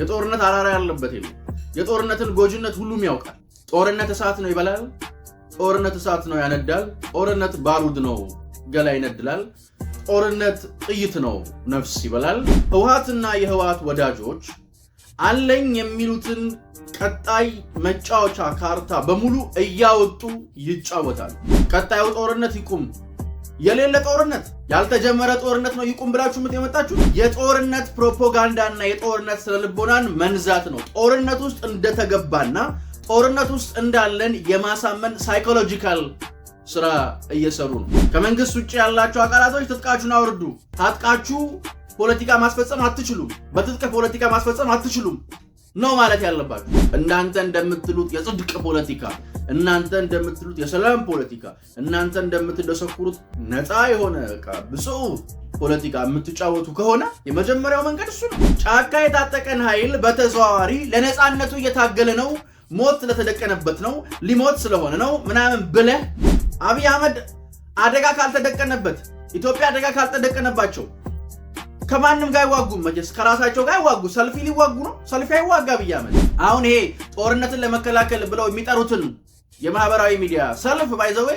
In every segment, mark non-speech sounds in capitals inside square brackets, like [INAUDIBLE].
የጦርነት አራራ ያለበት የለም። የጦርነትን ጎጅነት ሁሉም ያውቃል። ጦርነት እሳት ነው ይበላል። ጦርነት እሳት ነው ያነዳል። ጦርነት ባሩድ ነው ገላ ይነድላል። ጦርነት ጥይት ነው ነፍስ ይበላል። ህወሓትና የህወሓት ወዳጆች አለኝ የሚሉትን ቀጣይ መጫወቻ ካርታ በሙሉ እያወጡ ይጫወታል። ቀጣዩ ጦርነት ይቁም። የሌለ ጦርነት ያልተጀመረ ጦርነት ነው ይቁም ብላችሁ ምት የመጣችሁ የጦርነት ፕሮፓጋንዳና የጦርነት ስነልቦናን መንዛት ነው። ጦርነት ውስጥ እንደተገባና ጦርነት ውስጥ እንዳለን የማሳመን ሳይኮሎጂካል ስራ እየሰሩ ነው። ከመንግስት ውጭ ያላችሁ አካላቶች ትጥቃችሁን አውርዱ። ታጥቃችሁ ፖለቲካ ማስፈጸም አትችሉም። በትጥቅ ፖለቲካ ማስፈጸም አትችሉም ነው ማለት ያለባችሁ። እናንተ እንደምትሉት የጽድቅ ፖለቲካ እናንተ እንደምትሉት የሰላም ፖለቲካ እናንተ እንደምትደሰኩሩት ነፃ የሆነ በቃ ብፁዕ ፖለቲካ የምትጫወቱ ከሆነ የመጀመሪያው መንገድ እሱ ነው። ጫካ የታጠቀን ኃይል በተዘዋዋሪ ለነፃነቱ እየታገለ ነው፣ ሞት ስለተደቀነበት ነው፣ ሊሞት ስለሆነ ነው ምናምን ብለህ አብይ አህመድ አደጋ ካልተደቀነበት ኢትዮጵያ አደጋ ካልተደቀነባቸው ከማንም ጋር አይዋጉም። መቼስ ከራሳቸው ጋር አይዋጉ። ሰልፊ ሊዋጉ ነው። ሰልፊ አይዋጋ ብያመል። አሁን ይሄ ጦርነትን ለመከላከል ብለው የሚጠሩትን የማህበራዊ ሚዲያ ሰልፍ ባይዘዌ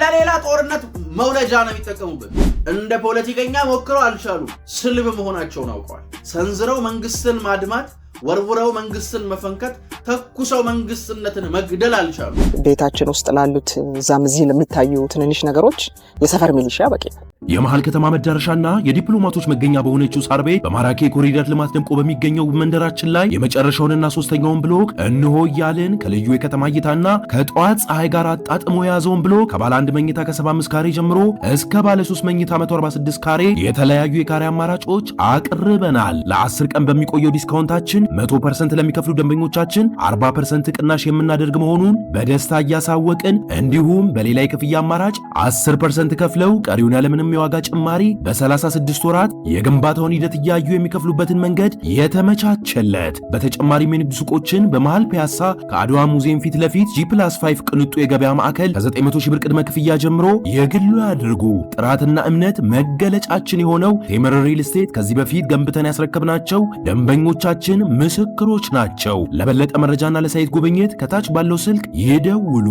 ለሌላ ጦርነት መውለጃ ነው የሚጠቀሙበት። እንደ ፖለቲከኛ ሞክረው አልቻሉም። ስልብ መሆናቸውን አውቀዋል። ሰንዝረው መንግስትን ማድማት፣ ወርውረው መንግስትን መፈንከት፣ ተኩሰው መንግስትነትን መግደል አልቻሉ። ቤታችን ውስጥ ላሉት እዛም እዚህ ለሚታዩ ትንንሽ ነገሮች የሰፈር ሚሊሻ በቂ የመሃል ከተማ መዳረሻና የዲፕሎማቶች መገኛ በሆነችው ሳር ቤት በማራኪ የኮሪደር ልማት ደምቆ በሚገኘው መንደራችን ላይ የመጨረሻውንና ሶስተኛውን ብሎክ እንሆ እያልን ከልዩ የከተማ እይታና ከጠዋት ፀሐይ ጋር አጣጥሞ የያዘውን ብሎክ ከባለ አንድ መኝታ ከ75 ካሬ ጀምሮ እስከ ባለ 3 መኝታ 146 ካሬ የተለያዩ የካሬ አማራጮች አቅርበናል። ለ10 ቀን በሚቆየው ዲስካውንታችን 100% ለሚከፍሉ ደንበኞቻችን 40% ቅናሽ የምናደርግ መሆኑን በደስታ እያሳወቅን እንዲሁም በሌላ የክፍያ አማራጭ 10% ከፍለው ቀሪውን ያለምንም ያለውንም ዋጋ ጭማሪ በ36 ወራት የግንባታውን ሂደት እያዩ የሚከፍሉበትን መንገድ የተመቻቸለት። በተጨማሪም የንግድ ሱቆችን በመሃል ፒያሳ ከአድዋ ሙዚየም ፊት ለፊት 5 ቅንጡ የገበያ ማዕከል ከ900 ሺህ ብር ቅድመ ክፍያ ጀምሮ የግሉ ያድርጉ። ጥራትና እምነት መገለጫችን የሆነው ቴምር ሪል ስቴት ከዚህ በፊት ገንብተን ያስረከብናቸው ደንበኞቻችን ምስክሮች ናቸው። ለበለጠ መረጃና ለሳይት ጉብኝት ከታች ባለው ስልክ ይደውሉ።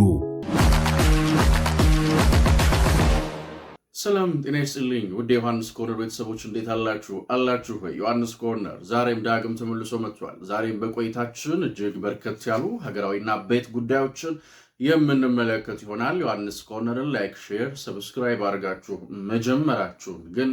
ሰላም ጤና ይስጥልኝ ውድ የዮሐንስ ኮርነር ቤተሰቦች እንዴት አላችሁ? አላችሁ ወይ? ዮሐንስ ኮርነር ዛሬም ዳግም ተመልሶ መጥቷል። ዛሬም በቆይታችን እጅግ በርከት ያሉ ሀገራዊና ቤት ጉዳዮችን የምንመለከት ይሆናል። ዮሐንስ ኮርነርን ላይክ፣ ሼር፣ ሰብስክራይብ አድርጋችሁ መጀመራችሁን ግን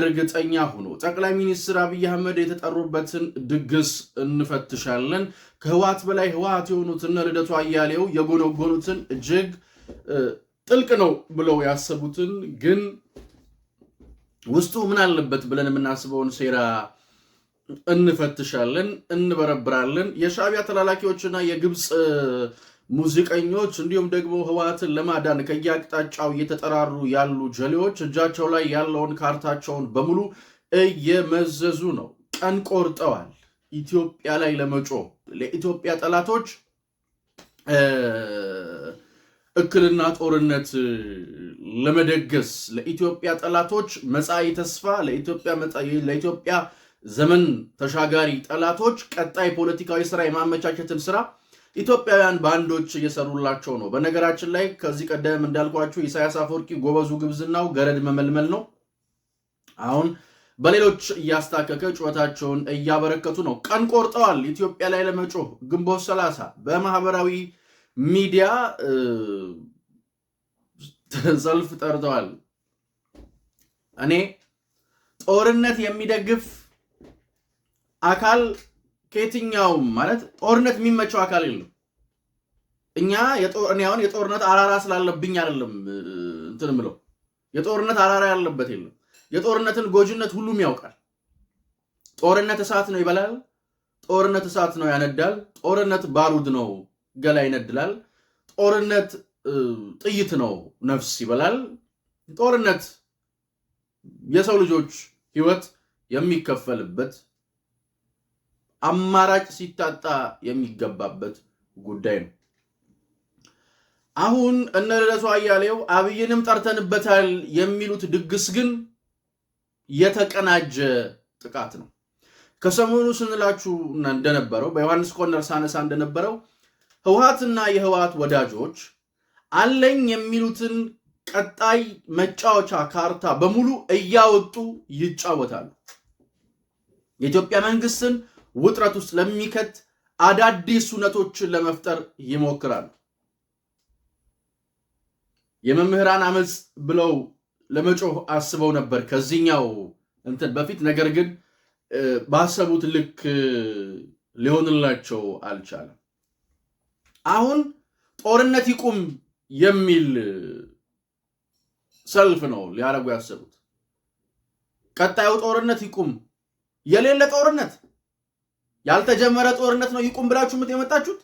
እርግጠኛ ሆኖ ጠቅላይ ሚኒስትር አብይ አህመድ የተጠሩበትን ድግስ እንፈትሻለን። ከህወሓት በላይ ህወሓት የሆኑትን ልደቱ አያሌው የጎነጎኑትን እጅግ ጥልቅ ነው ብለው ያሰቡትን ግን ውስጡ ምን አለበት ብለን የምናስበውን ሴራ እንፈትሻለን፣ እንበረብራለን። የሻዕቢያ ተላላኪዎችና የግብፅ ሙዚቀኞች እንዲሁም ደግሞ ህወሓትን ለማዳን ከየአቅጣጫው እየተጠራሩ ያሉ ጀሌዎች እጃቸው ላይ ያለውን ካርታቸውን በሙሉ እየመዘዙ ነው። ቀን ቆርጠዋል። ኢትዮጵያ ላይ ለመጮ ለኢትዮጵያ ጠላቶች እክልና ጦርነት ለመደገስ ለኢትዮጵያ ጠላቶች መጻኢ ተስፋ ለኢትዮጵያ ዘመን ተሻጋሪ ጠላቶች ቀጣይ ፖለቲካዊ ስራ የማመቻቸትን ስራ ኢትዮጵያውያን ባንዶች እየሰሩላቸው ነው። በነገራችን ላይ ከዚህ ቀደም እንዳልኳችሁ ኢሳያስ አፈወርቂ ጎበዙ ግብዝናው ገረድ መመልመል ነው። አሁን በሌሎች እያስታከከ ጩኸታቸውን እያበረከቱ ነው። ቀን ቆርጠዋል። ኢትዮጵያ ላይ ለመጮህ ግንቦት ሰላሳ በማህበራዊ ሚዲያ ሰልፍ ጠርተዋል። እኔ ጦርነት የሚደግፍ አካል ከየትኛውም ማለት ጦርነት የሚመቸው አካል የለም። እኛ አሁን የጦርነት አራራ ስላለብኝ አይደለም እንትን ምለው የጦርነት አራራ ያለበት የለም። የጦርነትን ጎጅነት ሁሉም ያውቃል። ጦርነት እሳት ነው ይበላል። ጦርነት እሳት ነው ያነዳል። ጦርነት ባሩድ ነው ገላ ይነድላል። ጦርነት ጥይት ነው፣ ነፍስ ይበላል። ጦርነት የሰው ልጆች ህይወት የሚከፈልበት አማራጭ ሲታጣ የሚገባበት ጉዳይ ነው። አሁን እነ ልደቱ አያሌው አብይንም ጠርተንበታል የሚሉት ድግስ ግን የተቀናጀ ጥቃት ነው። ከሰሞኑ ስንላችሁ እንደነበረው በዮሐንስ ኮርነር ሳነሳ እንደነበረው ህወሓትና የህወሓት ወዳጆች አለኝ የሚሉትን ቀጣይ መጫወቻ ካርታ በሙሉ እያወጡ ይጫወታሉ። የኢትዮጵያ መንግስትን ውጥረት ውስጥ ለሚከት አዳዲስ እውነቶችን ለመፍጠር ይሞክራሉ። የመምህራን አመፅ ብለው ለመጮህ አስበው ነበር ከዚህኛው እንትን በፊት ነገር ግን ባሰቡት ልክ ሊሆንላቸው አልቻለም። አሁን ጦርነት ይቁም የሚል ሰልፍ ነው ሊያደርጉ ያሰቡት። ቀጣዩ ጦርነት ይቁም፣ የሌለ ጦርነት፣ ያልተጀመረ ጦርነት ነው ይቁም ብላችሁ ምት የመጣችሁት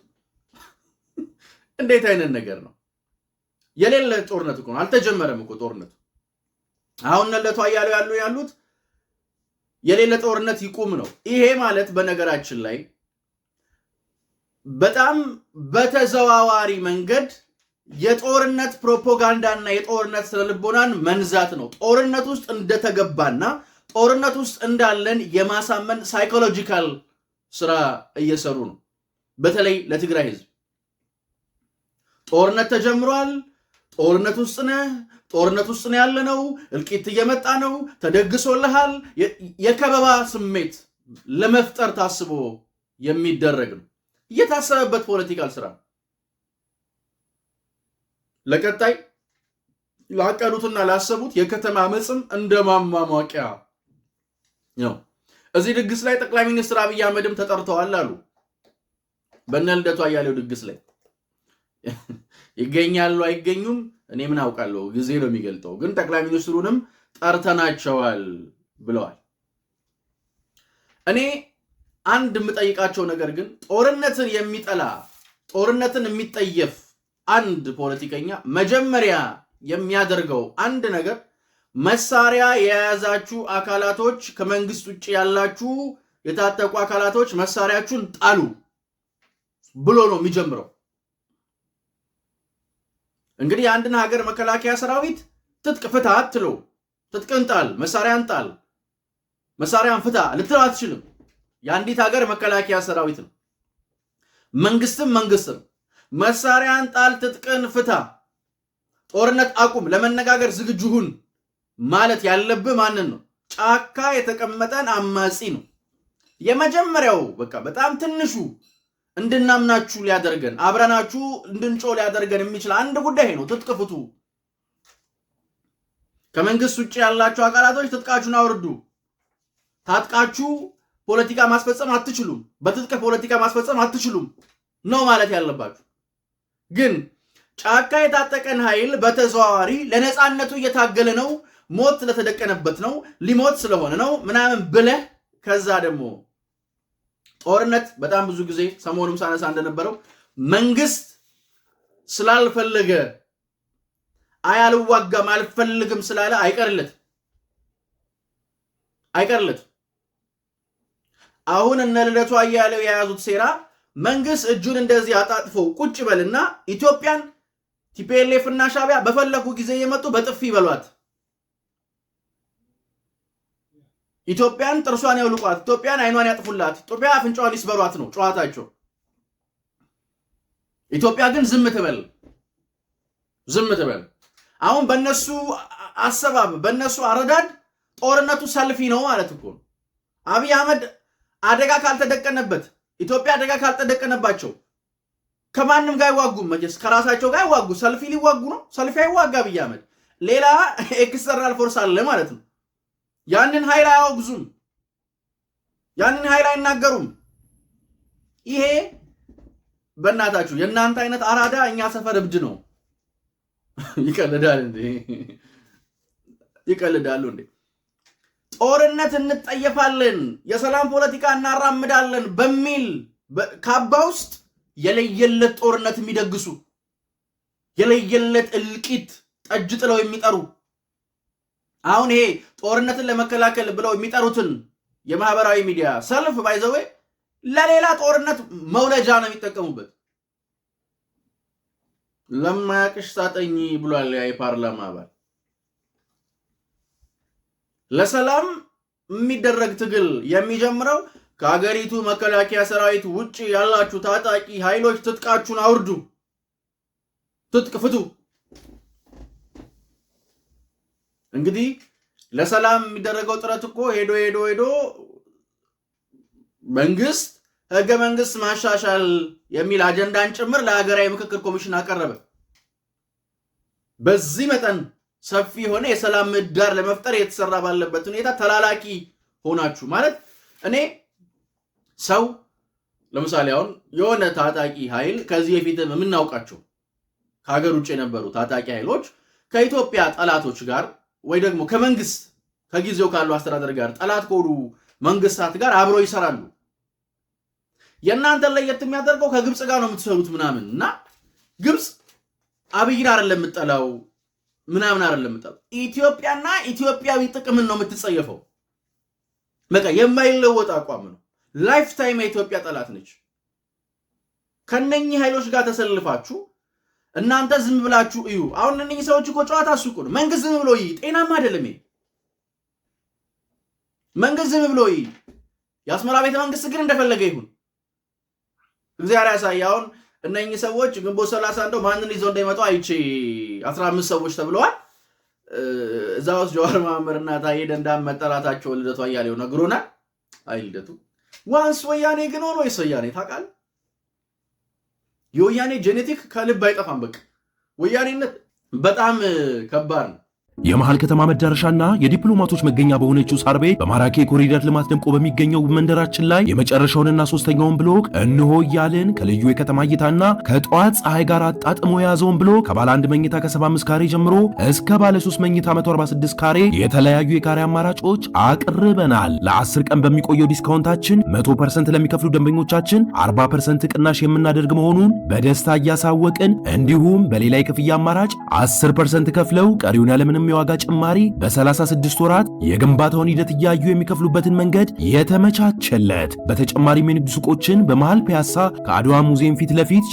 [LAUGHS] እንዴት አይነት ነገር ነው? የሌለ ጦርነት እኮ ነው። አልተጀመረም እኮ ጦርነቱ። አሁን ነለቱ እያሉ ያሉ ያሉት የሌለ ጦርነት ይቁም ነው። ይሄ ማለት በነገራችን ላይ በጣም በተዘዋዋሪ መንገድ የጦርነት ፕሮፓጋንዳና የጦርነት ስነልቦናን መንዛት ነው። ጦርነት ውስጥ እንደተገባና ጦርነት ውስጥ እንዳለን የማሳመን ሳይኮሎጂካል ስራ እየሰሩ ነው። በተለይ ለትግራይ ህዝብ ጦርነት ተጀምሯል፣ ጦርነት ውስጥ ነህ፣ ጦርነት ውስጥ ነው ያለነው፣ እልቂት እየመጣ ነው፣ ተደግሶልሃል፣ የከበባ ስሜት ለመፍጠር ታስቦ የሚደረግ ነው። የታሰበበት ፖለቲካል ስራ ለቀጣይ ላቀዱትና ላሰቡት የከተማ መጽም እንደ ማሟሟቂያ ነው። እዚህ ድግስ ላይ ጠቅላይ ሚኒስትር አብይ አህመድም ተጠርተዋል አሉ። በእነ ልደቱ አያሌው ድግስ ላይ [LAUGHS] ይገኛሉ አይገኙም፣ እኔ ምን አውቃለሁ፣ ጊዜ ነው የሚገልጠው። ግን ጠቅላይ ሚኒስትሩንም ጠርተናቸዋል ብለዋል። እኔ አንድ የምጠይቃቸው ነገር ግን ጦርነትን የሚጠላ ጦርነትን የሚጠየፍ አንድ ፖለቲከኛ መጀመሪያ የሚያደርገው አንድ ነገር መሳሪያ የያዛችሁ አካላቶች፣ ከመንግስት ውጭ ያላችሁ የታጠቁ አካላቶች መሳሪያችሁን ጣሉ ብሎ ነው የሚጀምረው። እንግዲህ የአንድን ሀገር መከላከያ ሰራዊት ትጥቅ ፍታ አትለው። ትጥቅን ጣል፣ መሳሪያን ጣል፣ መሳሪያን ፍታ ልትለው አትችልም። የአንዲት ሀገር መከላከያ ሰራዊት ነው። መንግስትም መንግስት ነው። መሳሪያን ጣል፣ ትጥቅን ፍታ፣ ጦርነት አቁም፣ ለመነጋገር ዝግጁ ሁን ማለት ያለብህ ማንን ነው? ጫካ የተቀመጠን አማጺ ነው። የመጀመሪያው በቃ በጣም ትንሹ እንድናምናችሁ ሊያደርገን አብረናችሁ እንድንጮ ሊያደርገን የሚችል አንድ ጉዳይ ነው። ትጥቅ ፍቱ። ከመንግስት ውጭ ያላችሁ አካላቶች ትጥቃችሁን አውርዱ። ታጥቃችሁ ፖለቲካ ማስፈጸም አትችሉም፣ በትጥቅ ፖለቲካ ማስፈጸም አትችሉም ነው ማለት ያለባችሁ። ግን ጫካ የታጠቀን ኃይል በተዘዋዋሪ ለነፃነቱ እየታገለ ነው፣ ሞት ስለተደቀነበት ነው፣ ሊሞት ስለሆነ ነው ምናምን ብለህ ከዛ ደግሞ ጦርነት በጣም ብዙ ጊዜ ሰሞኑም ሳነሳ እንደነበረው መንግስት ስላልፈለገ አያልዋጋም አልፈልግም ስላለ አይቀርለት። አይቀርለት አሁን እነ ልደቱ አያሌው የያዙት ሴራ መንግስት እጁን እንደዚህ አጣጥፎ ቁጭ በልና ኢትዮጵያን ቲፒኤልኤፍ እና ሻቢያ በፈለጉ ጊዜ የመጡ በጥፊ ይበሏት፣ ኢትዮጵያን ጥርሷን ያውልቋት፣ ኢትዮጵያን አይኗን ያጥፉላት፣ ኢትዮጵያ አፍንጫዋን ይስበሯት ነው ጨዋታቸው። ኢትዮጵያ ግን ዝም ትበል፣ ዝም ትበል። አሁን በእነሱ አሰባብ፣ በእነሱ አረዳድ ጦርነቱ ሰልፊ ነው ማለት እኮ አብይ አህመድ አደጋ ካልተደቀነበት ኢትዮጵያ አደጋ ካልተደቀነባቸው ከማንም ጋር ይዋጉ መጀስ ከራሳቸው ጋር አይዋጉ። ሰልፊ ሊዋጉ ነው። ሰልፊ አይዋጋ አብይ ሌላ ኤክስተርናል ፎርስ አለ ማለት ነው። ያንን ኃይል አያወግዙም። ያንን ኃይል አይናገሩም። ይሄ በእናታችሁ የእናንተ አይነት አራዳ እኛ ሰፈር እብድ ነው። ይቀልዳል እንዴ? ይቀልዳሉ እንዴ? ጦርነት እንጠየፋለን፣ የሰላም ፖለቲካ እናራምዳለን በሚል ካባ ውስጥ የለየለት ጦርነት የሚደግሱ የለየለት እልቂት ጠጅ ጥለው የሚጠሩ አሁን ይሄ ጦርነትን ለመከላከል ብለው የሚጠሩትን የማህበራዊ ሚዲያ ሰልፍ ባይዘዌ ለሌላ ጦርነት መውለጃ ነው የሚጠቀሙበት። ለማያቅሽ ሳጠኝ ብሏል የፓርላማ አባል። ለሰላም የሚደረግ ትግል የሚጀምረው ከሀገሪቱ መከላከያ ሰራዊት ውጭ ያላችሁ ታጣቂ ኃይሎች ትጥቃችሁን አውርዱ፣ ትጥቅ ፍቱ። እንግዲህ ለሰላም የሚደረገው ጥረት እኮ ሄዶ ሄዶ ሄዶ መንግስት ህገ መንግስት ማሻሻል የሚል አጀንዳን ጭምር ለሀገራዊ ምክክር ኮሚሽን አቀረበ። በዚህ መጠን ሰፊ የሆነ የሰላም ምህዳር ለመፍጠር የተሰራ ባለበት ሁኔታ ተላላኪ ሆናችሁ ማለት እኔ ሰው ለምሳሌ አሁን የሆነ ታጣቂ ኃይል ከዚህ በፊት የምናውቃቸው ከሀገር ውጭ የነበሩ ታጣቂ ኃይሎች ከኢትዮጵያ ጠላቶች ጋር ወይ ደግሞ ከመንግስት ከጊዜው ካሉ አስተዳደር ጋር ጠላት ከሆኑ መንግስታት ጋር አብረው ይሰራሉ። የእናንተን ለየት የሚያደርገው ከግብፅ ጋር ነው የምትሰሩት ምናምን እና ግብፅ አብይን አይደለም የምጠላው ምናምን አይደለም የምታውቀው። ኢትዮጵያና ኢትዮጵያዊ ጥቅምን ነው የምትጸየፈው። በቃ የማይለወጥ አቋም ነው። ላይፍ ታይም የኢትዮጵያ ጠላት ነች። ከነኚህ ኃይሎች ጋር ተሰልፋችሁ እናንተ ዝም ብላችሁ እዩ። አሁን እነኚህ ሰዎች እኮ ጨዋታ ሱቁ ነው። መንግስት ዝም ብሎ ይይ፣ ጤናማ አይደለም። መንግስት ዝም ብሎ ይይ። የአስመራ ቤተ መንግስት ግን እንደፈለገ ይሁን። እግዚአብሔር ያሳይ አሁን እነኚህ ሰዎች ግንቦት ሰላሳ እንደው ማንን ይዘው እንደሚመጡ አይቼ አስራ አምስት ሰዎች ተብለዋል። እዛ ውስጥ ጀዋር መሐመድና ታዬ ደንዳም መጠራታቸውን ልደቱ አያሌው ነግሮናል። አይ ልደቱ ዋንስ ወያኔ ግን ሆኖ ወይስ ወያኔ ታውቃል የወያኔ ጄኔቲክ ከልብ አይጠፋም። በቃ ወያኔነት በጣም ከባድ ነው። የመሃል ከተማ መዳረሻና የዲፕሎማቶች መገኛ በሆነችው ሳር ቤት በማራኪ የኮሪደር ልማት ደምቆ በሚገኘው መንደራችን ላይ የመጨረሻውንና ሶስተኛውን ብሎክ እንሆ እያልን ከልዩ የከተማ እይታና ከጠዋት ፀሐይ ጋር አጣጥሞ የያዘውን ብሎክ ከባለ አንድ መኝታ ከ75 ካሬ ጀምሮ እስከ ባለ 3 መኝታ 146 ካሬ የተለያዩ የካሬ አማራጮች አቅርበናል። ለ10 ቀን በሚቆየው ዲስካውንታችን 100% ለሚከፍሉ ደንበኞቻችን 40% ቅናሽ የምናደርግ መሆኑን በደስታ እያሳወቅን እንዲሁም በሌላ የክፍያ አማራጭ 10% ከፍለው ቀሪውን ያለምንም ያለውንም ዋጋ ጭማሪ በ36 ወራት የግንባታውን ሂደት እያዩ የሚከፍሉበትን መንገድ የተመቻቸለት። በተጨማሪም የንግድ ሱቆችን በመሃል ፒያሳ ከአድዋ ሙዚየም ፊት ለፊት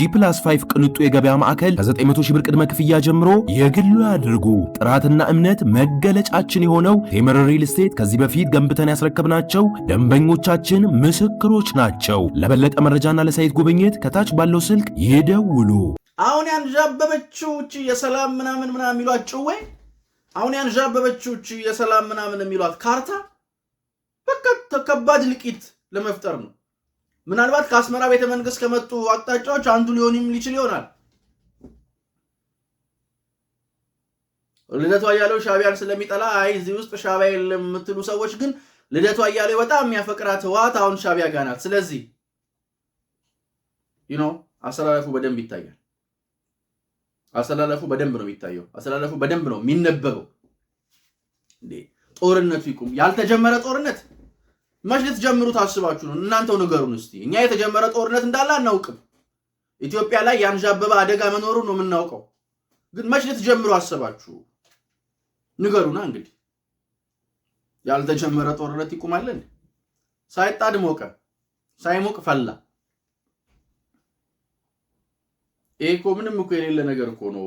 5 ቅንጡ የገበያ ማዕከል ከ900 ሺህ ብር ቅድመ ክፍያ ጀምሮ የግሉ ያድርጉ። ጥራትና እምነት መገለጫችን የሆነው ቴምር ሪል ስቴት ከዚህ በፊት ገንብተን ያስረከብናቸው ደንበኞቻችን ምስክሮች ናቸው። ለበለጠ መረጃና ለሳይት ጉብኝት ከታች ባለው ስልክ ይደውሉ። አሁን ያንዣበበችው ውጭ የሰላም ምናምን ምናምን የሚሏቸው ወይ አሁን ያንዣበበችውች የሰላም ምናምን የሚሏት ካርታ በቃ ከባድ ልቂት ለመፍጠር ነው። ምናልባት ከአስመራ ቤተ መንግስት ከመጡ አቅጣጫዎች አንዱ ሊሆንም ሊችል ይሆናል። ልደቱ አያሌው ሻቢያን ስለሚጠላ አይ እዚህ ውስጥ ሻቢያ የለም የምትሉ ሰዎች ግን ልደቱ አያሌው በጣም የሚያፈቅራት ህወሓት አሁን ሻቢያ ጋር ስለዚህ ዩ ኖ አሰላለፉ በደንብ ይታያል። አስተላለፉ በደንብ ነው የሚታየው። አሰላለፉ በደንብ ነው የሚነበበው። እንዴ ጦርነቱ ይቁም። ያልተጀመረ ጦርነት መች ልትጀምሩ ታስባችሁ ነው? እናንተው ንገሩን እስቲ። እኛ የተጀመረ ጦርነት እንዳለ አናውቅም። ኢትዮጵያ ላይ ያንዣበበ አደጋ መኖሩን ነው የምናውቀው። ግን መች ልትጀምሩ አስባችሁ ንገሩና እንግዲህ ያልተጀመረ ጦርነት ይቁማለን። ሳይጣድ ሞቀ፣ ሳይሞቅ ፈላ። ይሄ እኮ ምንም እኮ የሌለ ነገር እኮ ነው።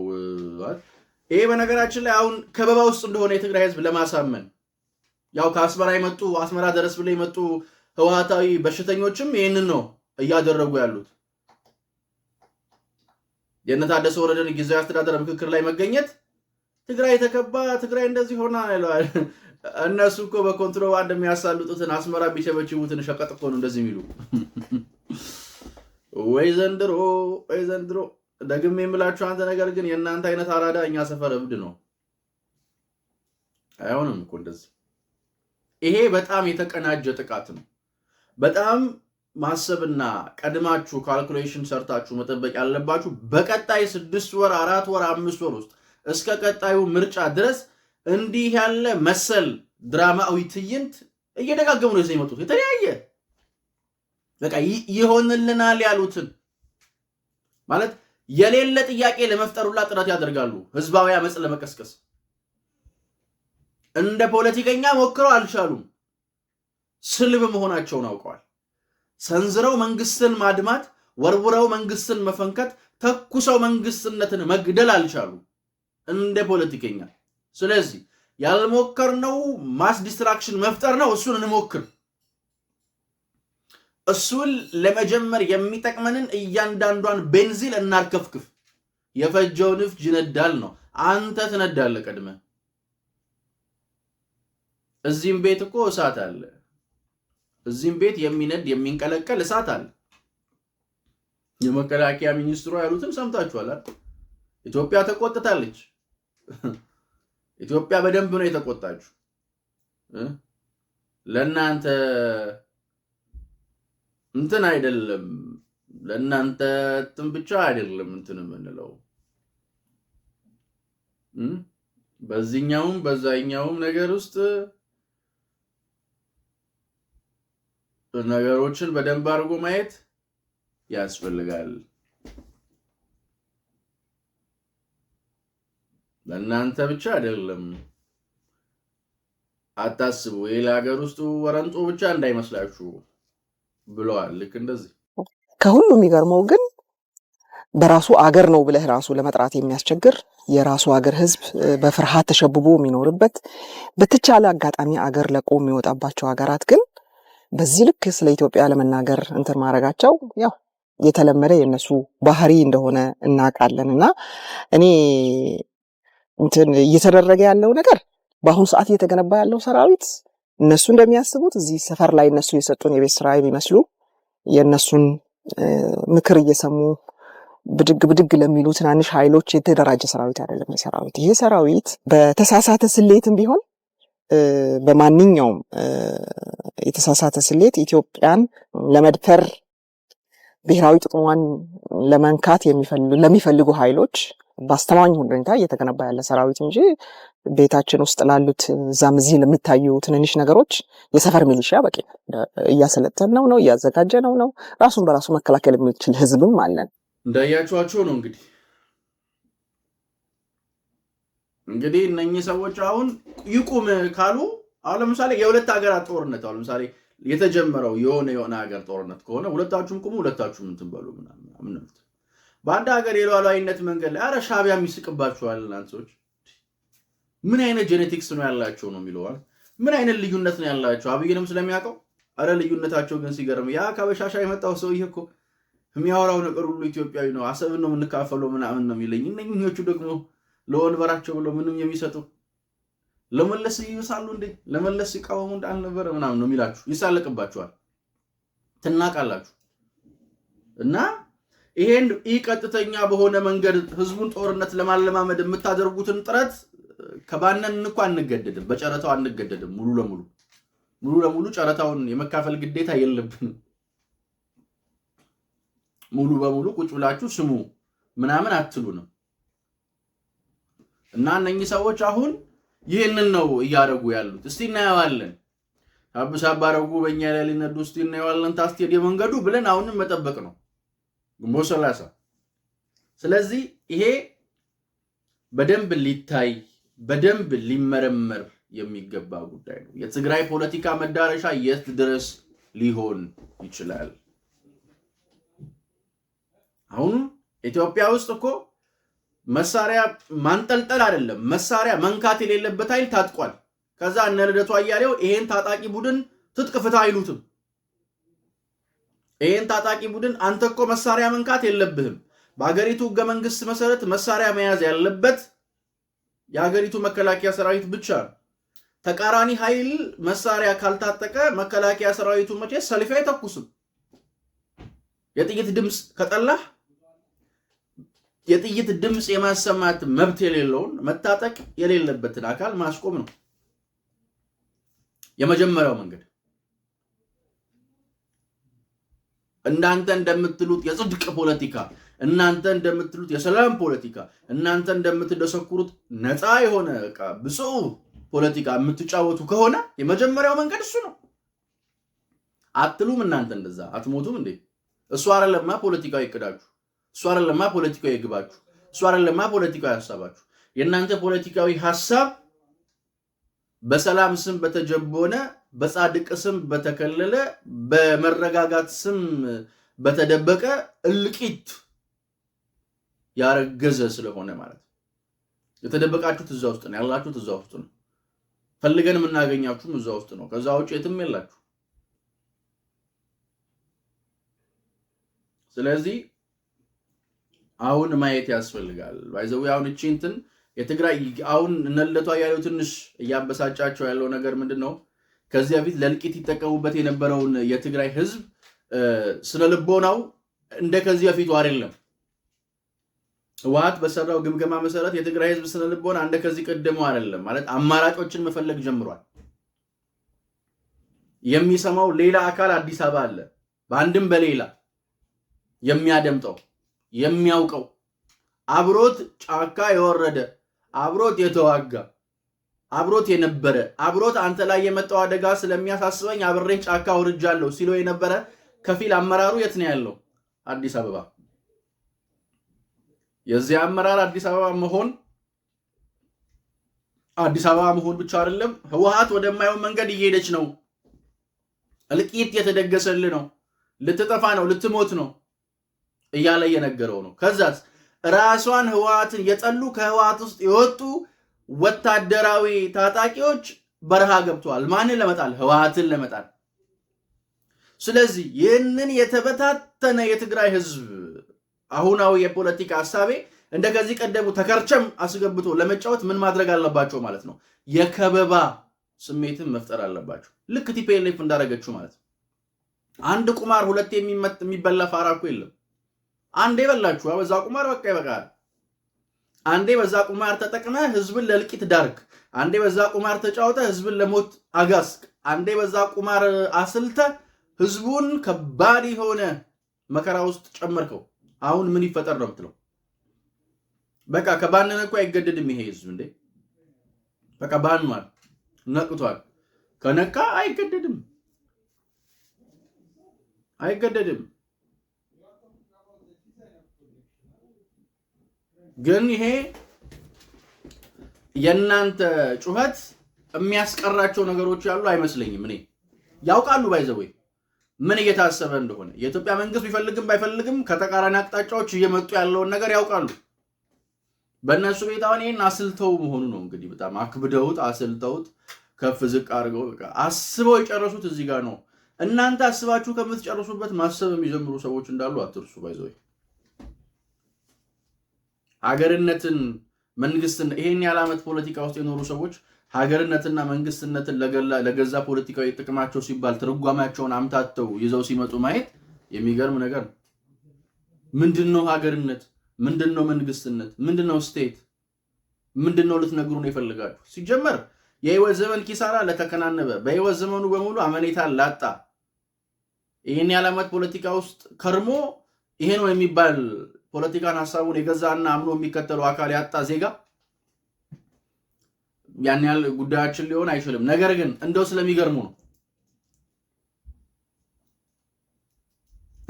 ይሄ በነገራችን ላይ አሁን ከበባ ውስጥ እንደሆነ የትግራይ ህዝብ ለማሳመን ያው ከአስመራ የመጡ አስመራ ደረስ ብለው የመጡ ህወሓታዊ በሽተኞችም ይህንን ነው እያደረጉ ያሉት። የእነ ታደሰ ወረደን ጊዜያዊ አስተዳደር ምክክር ላይ መገኘት ትግራይ የተከባ ትግራይ እንደዚህ ሆና ይለዋል። እነሱ እኮ በኮንትሮባንድ የሚያሳልጡትን አስመራ ቢቸበችቡትን ሸቀጥ እኮ ነው እንደዚህ የሚሉ ወይ ዘንድሮ ወይ ዘንድሮ ደግሜ የምላችሁ አንተ ነገር ግን የእናንተ አይነት አራዳ እኛ ሰፈር እብድ ነው። አይሆንም እኮ እንደዚህ። ይሄ በጣም የተቀናጀ ጥቃት ነው። በጣም ማሰብና ቀድማችሁ ካልኩሌሽን ሰርታችሁ መጠበቅ ያለባችሁ በቀጣይ ስድስት ወር፣ አራት ወር፣ አምስት ወር ውስጥ እስከ ቀጣዩ ምርጫ ድረስ እንዲህ ያለ መሰል ድራማዊ ትዕይንት እየደጋገሙ ነው የመጡት የተለያየ በቃ ይሆንልናል ያሉትን ማለት የሌለ ጥያቄ ለመፍጠሩላ ጥረት ያደርጋሉ። ህዝባዊ አመፅ ለመቀስቀስ እንደ ፖለቲከኛ ሞክረው አልቻሉም። ስልብ መሆናቸውን አውቀዋል። ሰንዝረው መንግስትን ማድማት፣ ወርውረው መንግስትን መፈንከት፣ ተኩሰው መንግስትነትን መግደል አልቻሉ። እንደ ፖለቲከኛ። ስለዚህ ያልሞከርነው ማስ ዲስትራክሽን መፍጠር ነው። እሱን እንሞክር። እሱን ለመጀመር የሚጠቅመንን እያንዳንዷን ቤንዚል እናርከፍክፍ። የፈጀው ንፍጅ ይነዳል ነው፣ አንተ ትነዳለ ቀድመ። እዚህም ቤት እኮ እሳት አለ፣ እዚህም ቤት የሚነድ የሚንቀለቀል እሳት አለ። የመከላከያ ሚኒስትሩ ያሉትም ሰምታችኋል። ኢትዮጵያ ተቆጥታለች። ኢትዮጵያ በደንብ ነው የተቆጣችሁ ለእናንተ እንትን አይደለም ለእናንተ እንትን ብቻ አይደለም እንትን የምንለው በዚህኛውም በዛኛውም ነገር ውስጥ ነገሮችን በደንብ አድርጎ ማየት ያስፈልጋል። ለእናንተ ብቻ አይደለም። አታስቡ። ይህ ለሀገር ውስጡ ወረንጦ ብቻ እንዳይመስላችሁ። ብለዋል። ልክ እንደዚህ ከሁሉ የሚገርመው ግን በራሱ አገር ነው ብለህ ራሱ ለመጥራት የሚያስቸግር የራሱ አገር ህዝብ በፍርሃት ተሸብቦ የሚኖርበት በተቻለ አጋጣሚ አገር ለቆ የሚወጣባቸው ሀገራት ግን በዚህ ልክ ስለ ኢትዮጵያ ለመናገር እንትን ማድረጋቸው ያው የተለመደ የእነሱ ባህሪ እንደሆነ እናውቃለን። እና እኔ እንትን እየተደረገ ያለው ነገር በአሁኑ ሰዓት እየተገነባ ያለው ሰራዊት እነሱ እንደሚያስቡት እዚህ ሰፈር ላይ እነሱ የሰጡን የቤት ስራ የሚመስሉ የእነሱን ምክር እየሰሙ ብድግ ብድግ ለሚሉ ትናንሽ ኃይሎች የተደራጀ ሰራዊት አይደለም። ሰራዊት ይሄ ሰራዊት በተሳሳተ ስሌትም ቢሆን በማንኛውም የተሳሳተ ስሌት ኢትዮጵያን ለመድፈር ብሔራዊ ጥቅሟን ለመንካት ለሚፈልጉ ኃይሎች በአስተማኝ ሁኔታ እየተገነባ ያለ ሰራዊት እንጂ ቤታችን ውስጥ ላሉት እዛም እዚህ ለሚታዩ ትንንሽ ነገሮች የሰፈር ሚሊሻ በቂ እያሰለጠን ነው ነው እያዘጋጀ ነው ነው ራሱን በራሱ መከላከል የሚችል ህዝብም አለን። እንዳያችኋቸው ነው እንግዲህ እንግዲህ እነኚህ ሰዎች አሁን ይቁም ካሉ አሁን ለምሳሌ የሁለት ሀገራት ጦርነት አሁን ለምሳሌ የተጀመረው የሆነ የሆነ ሀገር ጦርነት ከሆነ ሁለታችሁም ቁሙ፣ ሁለታችሁም እንትን በሉ ምናምን በአንድ ሀገር የሉዓላዊነት መንገድ ላይ አረ ሻቢያ የሚስቅባችኋል። እናንተ ሰዎች ምን አይነት ጄኔቲክስ ነው ያላቸው ነው የሚለዋል። ምን አይነት ልዩነት ነው ያላቸው አብይንም ስለሚያውቀው አረ ልዩነታቸው ግን ሲገርም ያ ከበሻሻ የመጣው ሰውዬ እኮ የሚያወራው ነገር ሁሉ ኢትዮጵያዊ ነው። አሰብን ነው የምንካፈለው ምናምን ነው የሚለኝ። እነኞቹ ደግሞ ለወንበራቸው ብለው ምንም የሚሰጡ ለመለስ ይሳሉ እንዴ ለመለስ ይቃወሙ እንዳልነበረ አልነበረ ምናምን ነው የሚላችሁ፣ ይሳለቅባችኋል፣ ትናቃላችሁ። እና ይሄን ኢ ቀጥተኛ በሆነ መንገድ ህዝቡን ጦርነት ለማለማመድ የምታደርጉትን ጥረት ከባነን እንኳ አንገደድም፣ በጨረታው አንገደድም። ሙሉ ለሙሉ ሙሉ ለሙሉ ጨረታውን የመካፈል ግዴታ የለብንም። ሙሉ በሙሉ ቁጭ ብላችሁ ስሙ ምናምን አትሉ ነው እና እነኚህ ሰዎች አሁን ይህንን ነው እያደረጉ ያሉት። እስቲ እናየዋለን። ሳብ ሳብ በእኛ ላይ ሊነዱ፣ እስቲ እናየዋለን። ታስቴድ የመንገዱ ብለን አሁንም መጠበቅ ነው ግንቦት ሰላሳ ስለዚህ ይሄ በደንብ ሊታይ በደንብ ሊመረመር የሚገባ ጉዳይ ነው። የትግራይ ፖለቲካ መዳረሻ የት ድረስ ሊሆን ይችላል? አሁን ኢትዮጵያ ውስጥ እኮ መሳሪያ ማንጠልጠል አይደለም፣ መሳሪያ መንካት የሌለበት ኃይል ታጥቋል። ከዛ እነ ልደቱ አያሌው ይሄን ታጣቂ ቡድን ትጥቅ ፍታ አይሉትም። ይሄን ታጣቂ ቡድን አንተ እኮ መሳሪያ መንካት የለብህም፣ በአገሪቱ ህገ መንግስት መሰረት መሳሪያ መያዝ ያለበት የአገሪቱ መከላከያ ሰራዊት ብቻ ነው። ተቃራኒ ኃይል መሳሪያ ካልታጠቀ መከላከያ ሰራዊቱ መቼ ሰልፊ አይተኩስም። የጥይት ድምፅ ከጠላህ የጥይት ድምፅ የማሰማት መብት የሌለውን መታጠቅ የሌለበትን አካል ማስቆም ነው የመጀመሪያው መንገድ። እናንተ እንደምትሉት የጽድቅ ፖለቲካ፣ እናንተ እንደምትሉት የሰላም ፖለቲካ፣ እናንተ እንደምትደሰኩሩት ነፃ የሆነ ዕቃ ብፁዕ ፖለቲካ የምትጫወቱ ከሆነ የመጀመሪያው መንገድ እሱ ነው። አትሉም? እናንተ እንደዛ አትሞቱም እንዴ? እሱ አረለማ ፖለቲካዊ ይቅዳችሁ እሱ አይደለማ ፖለቲካዊ የግባችሁ፣ እሱ አይደለማ ፖለቲካዊ ሀሳባችሁ። የእናንተ ፖለቲካዊ ሀሳብ በሰላም ስም በተጀቦነ፣ በጻድቅ ስም በተከለለ፣ በመረጋጋት ስም በተደበቀ እልቂት ያረገዘ ስለሆነ ማለት ነው። የተደበቃችሁት እዛ ውስጥ ነው ያላችሁት፣ እዛ ውስጥ ነው ፈልገን የምናገኛችሁም እዛ ውስጥ ነው። ከዛ ውጭ የትም የላችሁ። ስለዚህ አሁን ማየት ያስፈልጋል። ባይዘዊ አሁን እቺ እንትን የትግራይ አሁን እነለቷ ያለው ትንሽ እያበሳጫቸው ያለው ነገር ምንድን ነው? ከዚህ በፊት ለእልቂት ይጠቀሙበት የነበረውን የትግራይ ህዝብ ስነ ልቦናው እንደ ከዚህ በፊቱ አይደለም። ህወሓት በሰራው ግምገማ መሰረት የትግራይ ህዝብ ስነ ልቦና እንደ ከዚህ ቀደሙ አይደለም ማለት አማራጮችን መፈለግ ጀምሯል። የሚሰማው ሌላ አካል አዲስ አበባ አለ፣ በአንድም በሌላ የሚያደምጠው የሚያውቀው አብሮት ጫካ የወረደ አብሮት የተዋጋ አብሮት የነበረ አብሮት አንተ ላይ የመጣው አደጋ ስለሚያሳስበኝ አብሬን ጫካ ውርጃለሁ ሲለው የነበረ ከፊል አመራሩ የት ነው ያለው? አዲስ አበባ። የዚህ አመራር አዲስ አበባ መሆን አዲስ አበባ መሆን ብቻ አይደለም፣ ህወሓት ወደማየው መንገድ እየሄደች ነው። እልቂት የተደገሰል ነው። ልትጠፋ ነው። ልትሞት ነው። እያለ እየነገረው ነው። ከዛስ ራሷን ህወሓትን የጠሉ ከህወሓት ውስጥ የወጡ ወታደራዊ ታጣቂዎች በረሃ ገብተዋል። ማንን ለመጣል? ህወሓትን ለመጣል። ስለዚህ ይህንን የተበታተነ የትግራይ ህዝብ አሁናዊ የፖለቲካ ሀሳቤ እንደ ከዚህ ቀደሙ ተከርቸም አስገብቶ ለመጫወት ምን ማድረግ አለባቸው ማለት ነው? የከበባ ስሜትን መፍጠር አለባቸው። ልክ ቲፒኤልኤፍ እንዳደረገችው ማለት ነው። አንድ ቁማር ሁለት የሚበላ ፋራ እኮ የለም። አንዴ በላችሁ በዛ ቁማር በቃ ይበቃል። አንዴ በዛ ቁማር ተጠቅመ ህዝብን ለእልቂት ዳርክ። አንዴ በዛ ቁማር ተጫውተ ህዝብን ለሞት አጋስክ። አንዴ በዛ ቁማር አስልተ ህዝቡን ከባድ የሆነ መከራ ውስጥ ጨመርከው። አሁን ምን ይፈጠር ነው የምትለው? በቃ ከባንነ እኮ አይገደድም ይሄ ህዝብ እንዴ። በቃ ባንኗል፣ ነቅቷል። ከነካ አይገደድም አይገደድም። ግን ይሄ የእናንተ ጩኸት የሚያስቀራቸው ነገሮች ያሉ አይመስለኝም። እኔ ያውቃሉ ባይዘዌ ምን እየታሰበ እንደሆነ የኢትዮጵያ መንግስት ቢፈልግም ባይፈልግም ከተቃራኒ አቅጣጫዎች እየመጡ ያለውን ነገር ያውቃሉ። በእነሱ ቤት አሁን ይህን አስልተው መሆኑ ነው እንግዲህ በጣም አክብደውት አስልተውት ከፍ ዝቅ አድርገው አስበው የጨረሱት እዚህ ጋር ነው። እናንተ አስባችሁ ከምትጨርሱበት ማሰብ የሚጀምሩ ሰዎች እንዳሉ አትርሱ ባይዘወይ ሀገርነትን መንግስትን ይሄን ያህል ዓመት ፖለቲካ ውስጥ የኖሩ ሰዎች ሀገርነትና መንግስትነትን ለገዛ ፖለቲካዊ ጥቅማቸው ሲባል ትርጓማቸውን አምታተው ይዘው ሲመጡ ማየት የሚገርም ነገር ነው። ምንድን ነው ሀገርነት? ምንድን ነው መንግስትነት? ምንድን ነው ስቴት? ምንድን ነው ልትነግሩን ይፈልጋሉ? ሲጀመር የህይወት ዘመን ኪሳራ ለተከናነበ በህይወት ዘመኑ በሙሉ አመኔታ ላጣ ይህን ያህል ዓመት ፖለቲካ ውስጥ ከርሞ ይሄ ነው የሚባል ፖለቲካን ሀሳቡን የገዛና አምኖ የሚከተለው አካል ያጣ ዜጋ ያን ያህል ጉዳያችን ሊሆን አይችልም። ነገር ግን እንደው ስለሚገርሙ ነው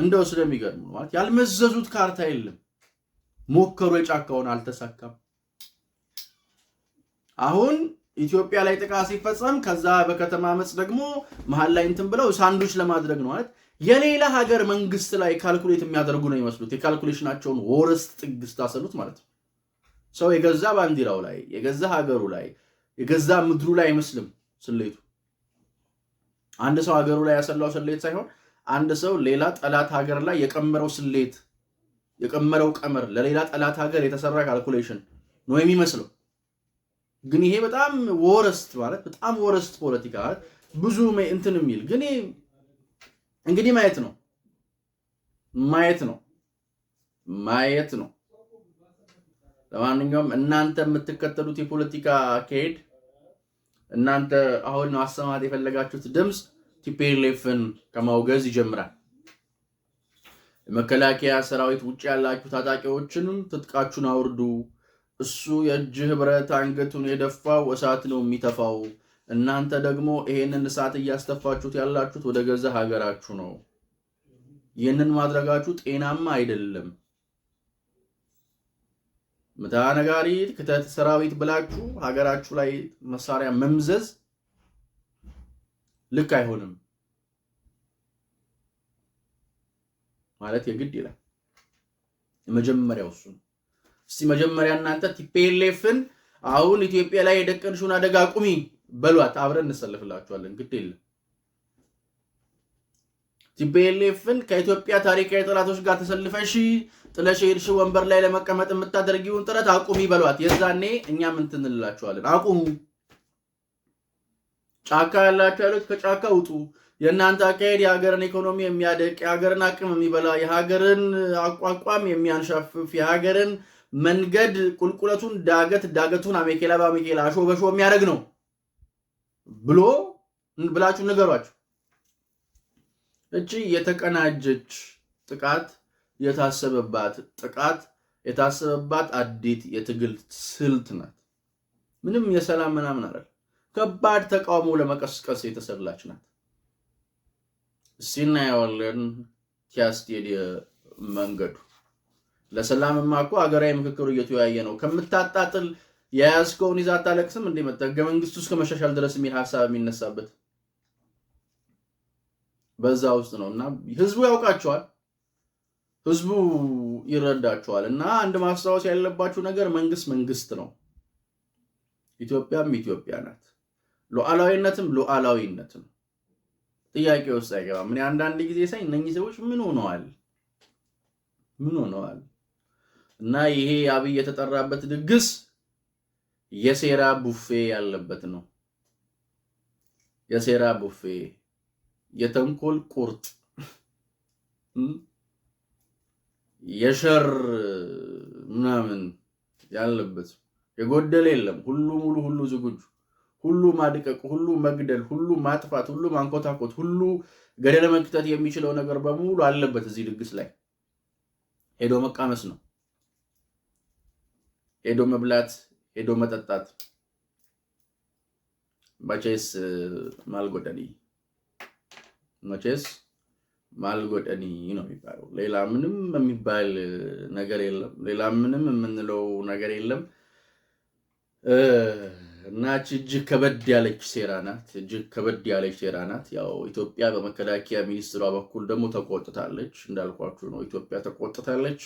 እንደው ስለሚገርሙ ነው ማለት ያልመዘዙት ካርታ የለም። ሞከሩ፣ የጫካውን አልተሳካም። አሁን ኢትዮጵያ ላይ ጥቃት ሲፈጸም ከዛ በከተማ አመፅ ደግሞ መሀል ላይ እንትን ብለው ሳንዱች ለማድረግ ነው ማለት የሌላ ሀገር መንግስት ላይ ካልኩሌት የሚያደርጉ ነው ይመስሉት። የካልኩሌሽናቸውን ወርስ ጥግ ስታሰሉት ማለት ነው። ሰው የገዛ ባንዲራው ላይ የገዛ ሀገሩ ላይ የገዛ ምድሩ ላይ አይመስልም ስሌቱ። አንድ ሰው ሀገሩ ላይ ያሰላው ስሌት ሳይሆን አንድ ሰው ሌላ ጠላት ሀገር ላይ የቀመረው ስሌት የቀመረው ቀመር ለሌላ ጠላት ሀገር የተሰራ ካልኩሌሽን ነው የሚመስለው። ግን ይሄ በጣም ወረስት ማለት በጣም ወረስት ፖለቲካ ብዙ እንትን የሚል ግን እንግዲህ ማየት ነው ማየት ነው ማየት ነው። ለማንኛውም እናንተ የምትከተሉት የፖለቲካ አካሄድ እናንተ አሁን አሰማት የፈለጋችሁት ድምፅ ቲፔሌፍን ከማውገዝ ይጀምራል። የመከላከያ ሰራዊት ውጭ ያላችሁ ታጣቂዎችንም ትጥቃችሁን አውርዱ። እሱ የእጅ ህብረት አንገቱን የደፋው እሳት ነው የሚተፋው እናንተ ደግሞ ይሄንን እሳት እያስተፋችሁት ያላችሁት ወደ ገዛ ሀገራችሁ ነው። ይህንን ማድረጋችሁ ጤናማ አይደለም። ምታ ነጋሪት፣ ክተት ሰራዊት ብላችሁ ሀገራችሁ ላይ መሳሪያ መምዘዝ ልክ አይሆንም ማለት የግድ ይላል። የመጀመሪያው እሱ ነው። እስቲ መጀመሪያ እናንተ ቲፔሌፍን አሁን ኢትዮጵያ ላይ የደቀንሽውን አደጋ አቁሚ በሏት አብረን እንሰልፍላችኋለን፣ ግድ የለም። ቲፒኤልኤፍን ከኢትዮጵያ ታሪካዊ ጠላቶች ጋር ተሰልፈሽ ጥለሽ ሄድሽ ወንበር ላይ ለመቀመጥ የምታደርጊውን ጥረት አቁሚ በሏት። የዛኔ እኛም እንትን እንላችኋለን። አቁሙ። ጫካ ያላችሁ ያሉት ከጫካ ውጡ። የእናንተ አካሄድ የሀገርን ኢኮኖሚ የሚያደቅ የሀገርን አቅም የሚበላ የሀገርን አቋቋም የሚያንሻፍፍ የሀገርን መንገድ ቁልቁለቱን ዳገት ዳገቱን አሜኬላ በአሜኬላ አሾ በሾ የሚያደርግ ነው። ብሎ ብላችሁ ንገሯችሁ። እቺ የተቀናጀች ጥቃት የታሰበባት ጥቃት የታሰበባት አዲት የትግል ስልት ናት። ምንም የሰላም ምናምን አላል ከባድ ተቃውሞ ለመቀስቀስ የተሰላች ናት። እስቲ እናየዋለን። ቲያስቴድ መንገዱ ለሰላምማ እኮ ሀገራዊ ምክክሩ እየተወያየ ነው ከምታጣጥል የያዝከውን ይዛ አታለቅስም እንዴ? መጣ ህገ መንግስቱ እስከ መሻሻል ድረስ የሚል ሀሳብ የሚነሳበት በዛ ውስጥ ነው። እና ህዝቡ ያውቃቸዋል፣ ህዝቡ ይረዳቸዋል። እና አንድ ማስታወስ ያለባችሁ ነገር መንግስት መንግስት ነው፣ ኢትዮጵያም ኢትዮጵያ ናት። ሉዓላዊነትም ሉዓላዊነት ነው። ጥያቄ ውስጥ አይገባም። እኔ አንዳንድ ጊዜ ሳይ እነኚህ ሰዎች ምን ሆነዋል? ምን ሆነዋል? እና ይሄ አብይ የተጠራበት ድግስ የሴራ ቡፌ ያለበት ነው። የሴራ ቡፌ፣ የተንኮል ቁርጥ፣ የሸር ምናምን ያለበት የጎደለ የለም። ሁሉ ሙሉ፣ ሁሉ ዝግጁ፣ ሁሉ ማድቀቅ፣ ሁሉ መግደል፣ ሁሉ ማጥፋት፣ ሁሉ ማንኮታኮት፣ ሁሉ ገደለ መክተት የሚችለው ነገር በሙሉ አለበት። እዚህ ድግስ ላይ ሄዶ መቃመስ ነው ሄዶ መብላት ሄዶ መጠጣት መቼስ ማልጎደኒ መቼስ ማልጎደኒ ነው የሚባለው። ሌላ ምንም የሚባል ነገር የለም። ሌላ ምንም የምንለው ነገር የለም። እናች እጅግ ከበድ ያለች ሴራ ናት። እጅግ ከበድ ያለች ሴራ ናት። ያው ኢትዮጵያ በመከላከያ ሚኒስትሯ በኩል ደግሞ ተቆጥታለች። እንዳልኳችሁ ነው ኢትዮጵያ ተቆጥታለች።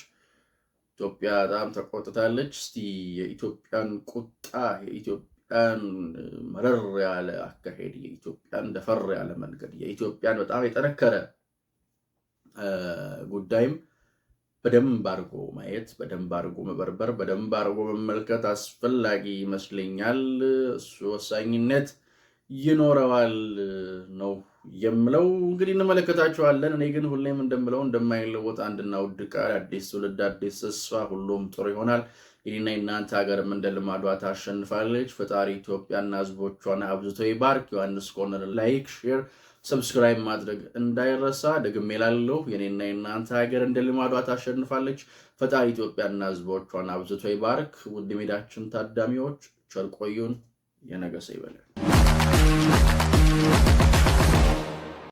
ኢትዮጵያ በጣም ተቆጥታለች። እስቲ የኢትዮጵያን ቁጣ፣ የኢትዮጵያን መረር ያለ አካሄድ፣ የኢትዮጵያን ደፈር ያለ መንገድ፣ የኢትዮጵያን በጣም የጠነከረ ጉዳይም በደንብ አድርጎ ማየት፣ በደንብ አድርጎ መበርበር፣ በደንብ አድርጎ መመልከት አስፈላጊ ይመስለኛል። እሱ ወሳኝነት ይኖረዋል ነው የምለው እንግዲህ እንመለከታችኋለን። እኔ ግን ሁሌም እንደምለው እንደማይለወጥ አንድና ውድ ቃል አዲስ ትውልድ አዲስ ተስፋ፣ ሁሉም ጥሩ ይሆናል። ይህና እናንተ ሀገርም እንደ ልማዷ ታሸንፋለች። ፈጣሪ ኢትዮጵያና ሕዝቦቿን አብዝቶ ይባርክ። ዮሐንስ ኮርነር ላይክ፣ ሼር፣ ሰብስክራይብ ማድረግ እንዳይረሳ። ደግሜ ላለሁ የኔና የእናንተ ሀገር እንደ ልማዷ ታሸንፋለች። ፈጣሪ ኢትዮጵያና ሕዝቦቿን አብዝቶ ይባርክ። ውድ ሜዳችን ታዳሚዎች ቸር ቆዩን። የነገሰ ይበለን።